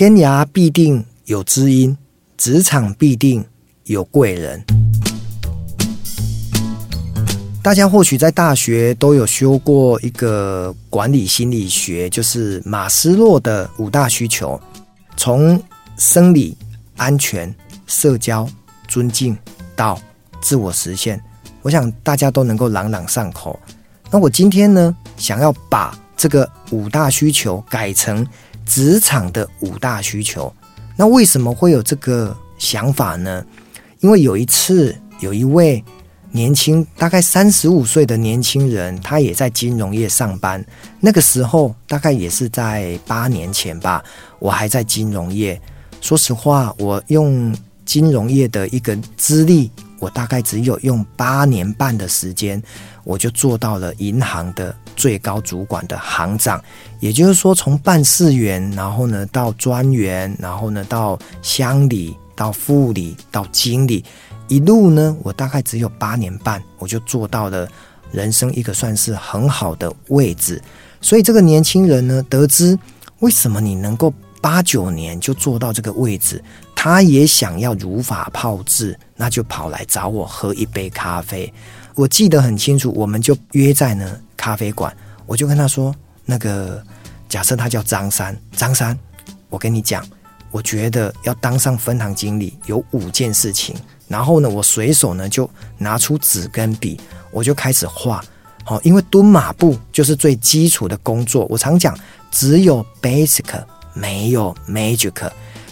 天涯必定有知音，職場必定有貴人。大家或許在大學都有修過一個管理心理學，就是馬斯洛的五大需求，從生理、安全、社交、尊敬到自我實現，我想大家都能夠朗朗上口。那我今天呢，想要把這個五大需求改成職場的五大需求，那為什麼會有這個想法呢？因為有一次，有一位年輕，大概三十五歲的年輕人，他也在金融業上班。那個時候，大概也是在八年前吧，我還在金融業，說實話，我用金融業的一個資歷，我大概只有用八年半的時間，我就做到了銀行的。最高主管的行長，也就是說，從辦事員，然後呢到專員，然後呢到襄理，到副理，到經理，一路呢，我大概只有八年半，我就做到了人生一個算是很好的位置。所以這個年輕人呢，得知為什麼你能夠八九年就做到這個位置，他也想要如法炮制，那就跑來找我喝一杯咖啡。我記得很清楚，我們就約在呢咖啡館。我就跟他說：“那個假設他叫張三，張三，我跟你講，我覺得要當上分行經理有五件事情。”然後呢，我隨手呢就拿出紙跟筆，我就開始畫。好，因為蹲馬步就是最基礎的工作。我常講，只有 basic，沒有 magic。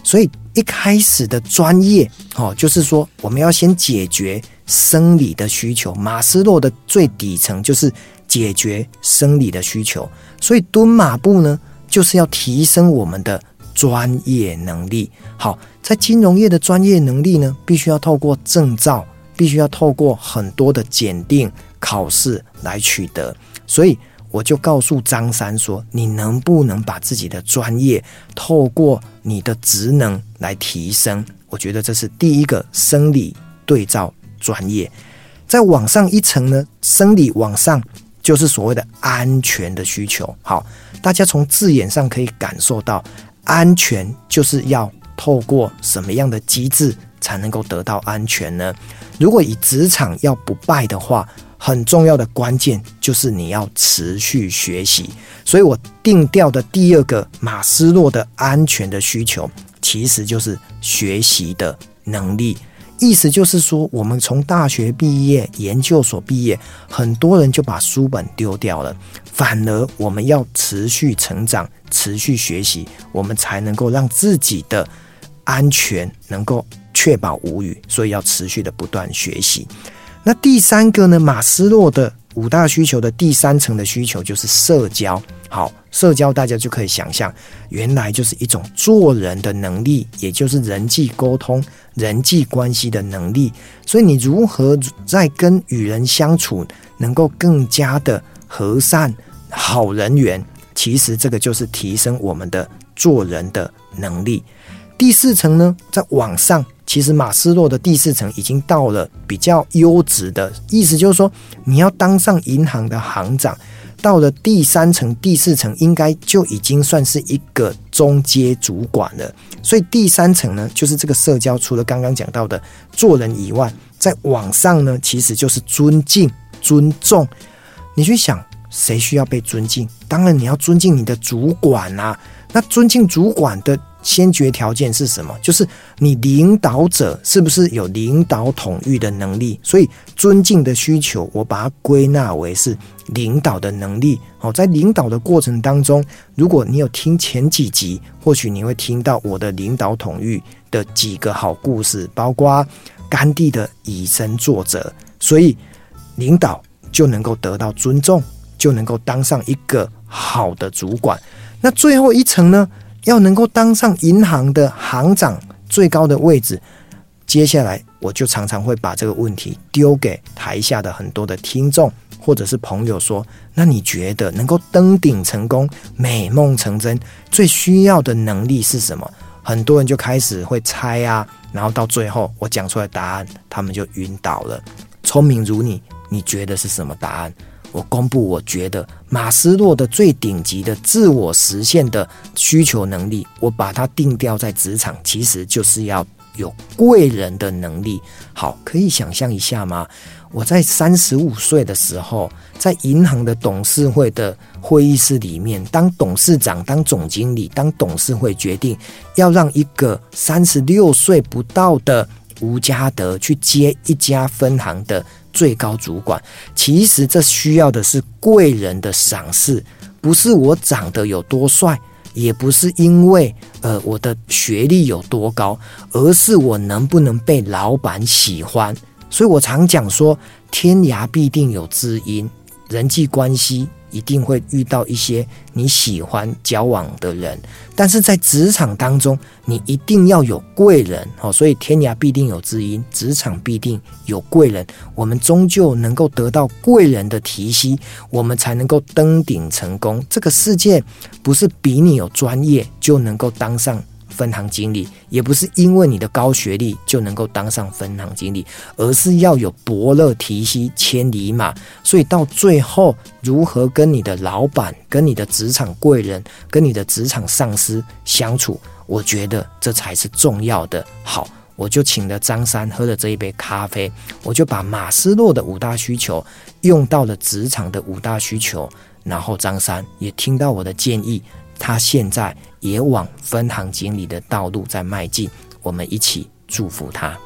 所以一開始的專業，哦，就是說我們要先解決生理的需求。馬斯洛的最底層就是解決生理的需求。所以蹲馬步呢，就是要提升我們的專業能力。好，在金融業的專業能力呢，必須要透過證照，必須要透過很多的檢定考試來取得。所以。我就告訴張三說：“你能不能把自己的專業透過你的職能來提升？我覺得這是第一個生理對照專業。再往上一層呢，生理往上就是所謂的安全的需求。好，大家從字眼上可以感受到，安全就是要透過什麼樣的機制才能夠得到安全呢？如果以職場要不敗的話。”很重要的關鍵就是你要持續學習，所以我定調的第二個馬斯洛的安全的需求，其實就是學習的能力。意思就是說，我們從大學畢業、研究所畢業，很多人就把書本丟掉了，反而我們要持續成長、持續學習，我們才能夠讓自己的安全能夠確保無虞。所以要持續的不斷學習。那第三個呢？馬斯洛的五大需求的第三層的需求就是社交。好，社交大家就可以想象，原來就是一種做人的能力，也就是人際溝通、人際關係的能力。所以你如何在跟與人相處能夠更加的和善、好人緣，其實這個就是提升我們的做人的能力。第四層呢，再往上。其實馬斯洛的第四層已經到了比較優質的，意思就是說，你要當上銀行的行長，到了第三層、第四層，應該就已經算是一個中階主管了。所以第三層呢，就是這個社交，除了剛剛講到的做人以外，再往上呢，其實就是尊敬、尊重。你去想，誰需要被尊敬？當然，你要尊敬你的主管啊。那尊敬主管的。先決條件是什麼？就是你領導者是不是有領導統御的能力？所以尊敬的需求，我把它歸納為是領導的能力。好，在領導的過程當中，如果你有聽前幾集，或許你會聽到我的領導統御的幾個好故事，包括甘地的以身作則，所以領導就能夠得到尊重，就能夠當上一個好的主管。那最後一層呢？要能夠當上銀行的行長，最高的位置，接下來我就常常會把這個問題丟給台下的很多的聽眾或者是朋友說：“那你覺得能夠登頂成功、美夢成真，最需要的能力是什麼？”很多人就開始會猜啊，然後到最後我講出來答案，他們就暈倒了。聰明如你，你覺得是什麼答案？我公布，我覺得馬斯洛的最頂級的自我實現的需求能力，我把它定調在職場，其實就是要有貴人的能力。好，可以想象一下嗎？我在三十五歲的時候，在銀行的董事會的會議室裡面，當董事長、當總經理、當董事會決定要讓一個三十六歲不到的吳家德去接一家分行的。最高主管，其實這需要的是貴人的賞識，不是我長得有多帥，也不是因為呃我的學歷有多高，而是我能不能被老闆喜歡。所以我常講說，天涯必定有知音。人際關係一定會遇到一些你喜歡交往的人，但是在職場當中，你一定要有貴人哦。所以天涯必定有知音，職場必定有貴人。我們終究能夠得到貴人的提攜，我們才能夠登頂成功。這個世界不是比你有專業就能夠當上。分行經理也不是因為你的高學歷就能夠當上分行經理，而是要有伯樂提攜千里馬。所以到最後，如何跟你的老闆、跟你的職場貴人、跟你的職場上司相處，我覺得這才是重要的。好，我就請了張三喝了這一杯咖啡，我就把馬斯洛的五大需求用到了職場的五大需求，然後張三也聽到我的建議。他現在也往分行經理的道路在邁進，我們一起祝福他。